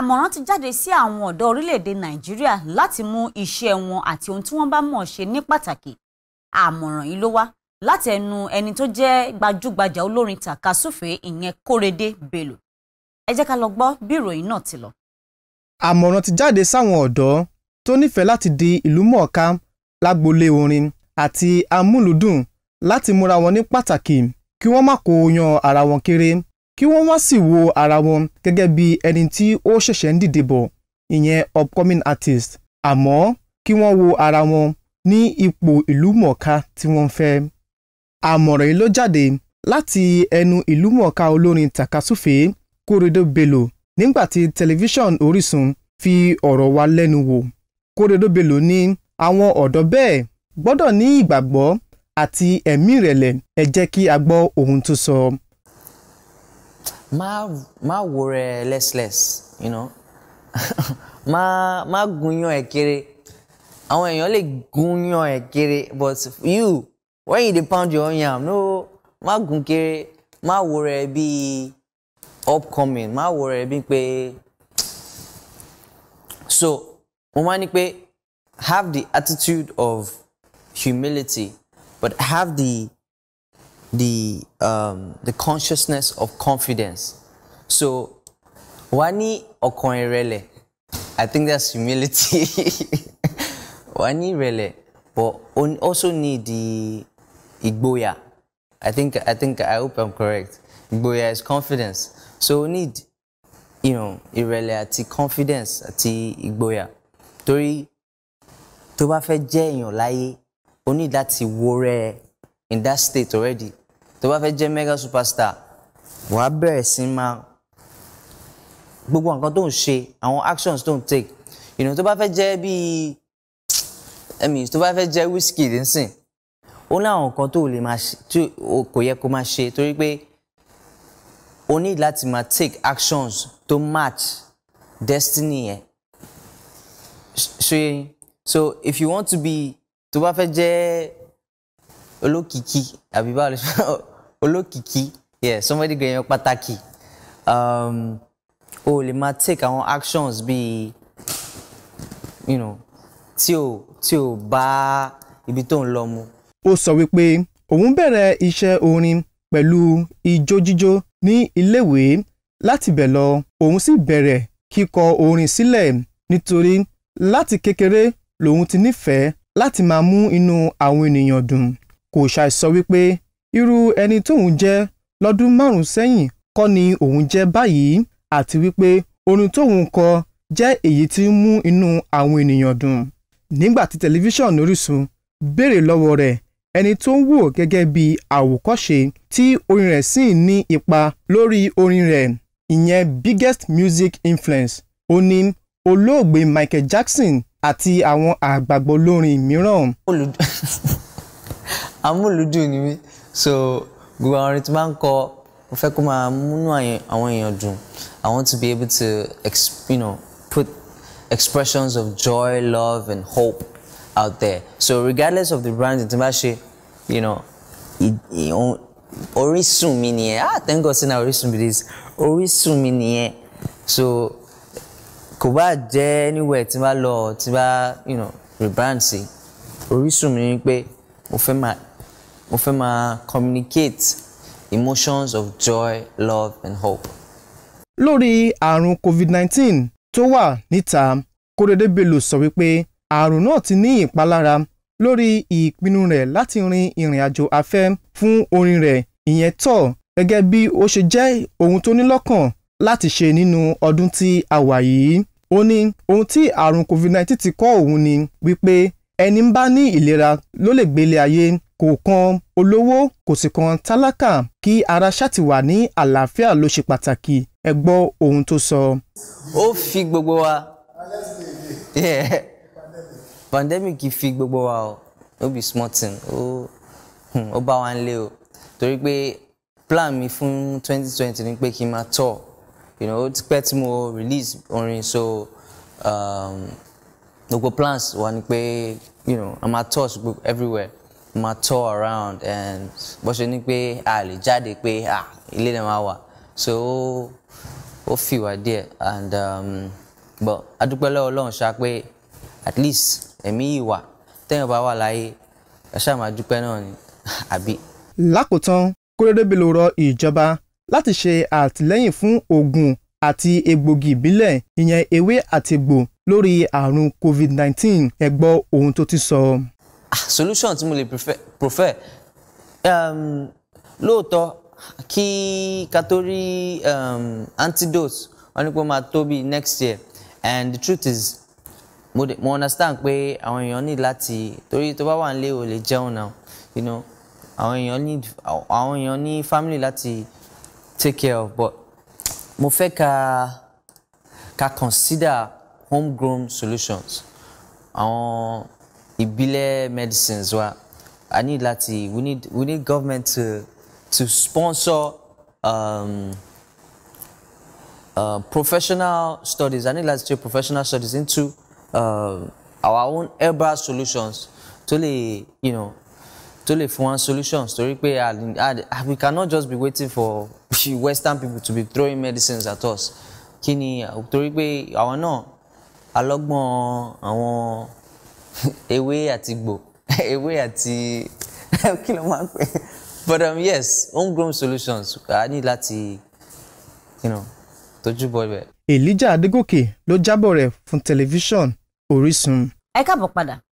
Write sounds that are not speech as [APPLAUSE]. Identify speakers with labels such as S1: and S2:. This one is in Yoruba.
S1: àmọ̀ràn ti jáde sí àwọn ọ̀dọ́ orílẹ̀-èdè nàìjíríà láti mú iṣẹ́ wọn àti ohun tí wọ́n bá mọ̀ ṣe ní pàtàkì àmọ̀ràn yìí ló wá láti ẹnu ẹni tó jẹ́ gbajúgbajà olórin tàkasúfè ìyẹn kórèdé bello ẹ jẹ́ ká lọ gbọ́ bí ìròyìn náà ti lọ.
S2: àmọ̀ràn ti jáde sáwọn ọ̀dọ́ tó nífẹ̀ẹ́ láti di ìlú mọ̀ọ́ká lágboolé orin àti amúlùdùn láti múra wọn ní pàtàkì kí wọ́n má kó yan ara wọn kéré kí wọ́n wá sì wo ara wọn gẹ́gẹ́ bí ẹni tí ó ṣẹ̀ṣẹ̀ ń dìde bọ̀ ìyẹn upcoming artist àmọ́ kí wọ́n wo ara wọn ní ipò ìlú mọ̀ọ́ká tí wọ́n fẹ́. àmọ̀ràn yìí ló jáde láti ẹnu ìlú mọ̀ọ́ká olórin takasúfè Kóredó Bello nígbà tí tẹlifíṣàn Orísun fi ọ̀rọ̀ wa lẹ́nu wò Kóredó Bello ní àwọn ọ̀dọ́ bẹ́ẹ̀ gbọ́dọ̀ ní ìgbàgbọ́ àti ẹ̀mí ìrẹ̀lẹ̀ ẹ jẹ́ kí a gbọ́ ohun tó sọ. So.
S1: Ma má wo rẹ less less you know ma [LAUGHS] má gunyan ẹ kéré àwọn èèyàn lè gunyan ẹ kéré but you when you dey pound your own yam no ma gun kéré má wo rẹ bí upcoming Ma wo rẹ bí pé so mo máa ní pé have the attitude of humility but have the the, um, the consciousness of confidence. So, wani ọkàn rẹlẹ̀, I think that's humility. [LAUGHS] wani rele. but also need the igboya. I think, I think, I hope I'm correct. Igboya is confidence. So, we need you know, ìrẹ̀lẹ̀ ati confidence àti ìgboyà. Torí tó bá fẹ́ jẹ́ èèyàn láyé, We need that wo rẹ̀ in that state already tó bá fẹ́ jẹ́ mega superstar wàá bẹ̀rẹ̀ sí máa gbogbo nǹkan tó ń ṣe àwọn actions tó ń take you know, tó bá fẹ́ jẹ́ bíi ẹ̀mí tó bá fẹ́ jẹ́ Wizkid nsìn ó láwọn nǹkan tó lè máa ṣe tí kò yẹ kó máa ṣe torí pé o ní láti máa take actions to match destiny yẹn ṣe so if you want to be tó bá fẹ́ jẹ́ olókìkí àbí báwo lè [LAUGHS] ṣe olókìkí yeah somebody gbẹ̀yàn pàtàkì um, o lè máa take àwọn actions bíi you know, tí o tí o
S2: bá ibi tó ń lọ mu. ó sọ wípé òun bẹ̀rẹ̀ iṣẹ́ orin pẹ̀lú ijó jíjó ní iléèwé láti bẹ̀ lọ òun sì bẹ̀rẹ̀ kíkọ orin sílẹ̀ nítorí láti kékeré lòun ti nífẹ̀ẹ́ láti máa mú inú àwọn ènìyàn dùn kò ṣàìsọ wípé irú ẹni tóun jẹ́ lọ́dún márùn-ún sẹ́yìn kọ́ ni òun jẹ́ báyìí àti wípé orin tóun kọ jẹ́ èyí tí ń mú inú àwọn ènìyàn dùn nígbà tí tẹlifíṣàn Orísun béèrè lọ́wọ́ rẹ̀ ẹni tó ń wò gẹ́gẹ́ bí àwòkọ́ṣe tí orin rẹ̀ sì ní ipa lórí orin rẹ̀ ìyẹn biggest music influence ó ní olóògbé Michael Jackson àti àwọn àgbàgbọ́ olórin mìíràn.
S1: amúlùdùn [LAUGHS] ni mi so gbogbo àwọn orin tí máa ń kọ mo fẹ́ kó máa múnú àwọn èèyàn dùn I want to be able to you know, put expressions of joy love and hope out there so regardless of the brand tí n bá ṣe you know orísun mi nìyẹn ah thank God say na orísun be this orísun mi nìyẹn so kò bá jẹ́ anywhere tí n bá lọ tí n bá you know rebrand sí orísun mi ni pé mo fẹ́ máa mo fẹ́ máa communicate emotions of joy love and hope.
S2: lórí àrùn covid-19 tó wà níta Kóredé Bello sọ wípé àrùn náà ti ní ìpalára lórí ìpinnu rẹ̀ láti rin ìrìn àjò afẹ́ fún orin rẹ̀ ìyẹn tọ̀ gẹ́gẹ́ bí ó ṣe jẹ́ ohun tó ní lọ́kàn láti ṣe nínú ọdún tí a wà yìí ó ní ohun tí àrùn covid-19 ti kọ́ òun ni wípé ẹni ń bá ní ìlera ló lè gbélé ayé kò kan olówó kò sì kan tálákà kí ara ṣáti wà ní àlàáfíà ló ṣe pàtàkì ẹ gbọ́ ohun tó sọ.
S1: ó fi gbogbo wa yeah. pandemic fi gbogbo wa o no be small thing ó hmm, bá wa ń lé o torí pé plan mi fún 2020 ni pé kí n máa tour you know ó ti pẹ́ tí mo release orin so um, gbogbo plans wa ni pé you know i'm at tour everywhere máa tour around and bó ṣe ní pé a lè jáde pé ah ilé náà máa wà so ó fi wá díẹ̀ and um, but adúpẹ́ lọ́wọ́ Ọlọ́run ṣá pé at least ẹ̀mí yìí wà tẹ́yìn bá wà láyé ẹ ṣáà máa dúpẹ́ náà ni [LAUGHS] àbí.
S2: lákòótán kórédébélò rọ ìjọba láti ṣe àtìlẹ́yìn fún oògùn àti egbògi ìbílẹ̀ ìyẹn ewé àti egbò lórí àrùn covid-19 ẹ gbọ́ ohun tó ti sọ.
S1: Ah, solution tí mo lè prefer um, lóòótọ́ kí kátórí um, antidote wọn ní pé máa tó next year and the truth is mo, de, mo understand pé àwọn èèyàn need láti torí tó bá wà nílé ò lè jẹun now you know àwọn èèyàn need àwọn èèyàn ní family láti take care of but mo fẹ́ ka ka consider homegrown solutions àwọn. Um, ìbílẹ̀ medicines wa i need láti we need we need government to to sponsor um, uh, professional studies i need láti take professional studies into uh, our own herbal solutions to lè you know to lè fún wa solutions torí pé we cannot just be waiting for [LAUGHS] western people to be throwing medicines at us Kini ni torí pé àwọn náà alọ́gbọ́n àwọn. [LAUGHS] ewé àti gbò [LAUGHS] ewé àti [LAUGHS] kí ló máa ń pè but um, yes homegrown solutions a ní láti you know, tójú bọ ibẹ̀.
S2: Elijah Adégòkè ló jábọ̀ rẹ̀ fún tẹlifíṣàn Orísun.
S1: ẹ káàbọ̀ padà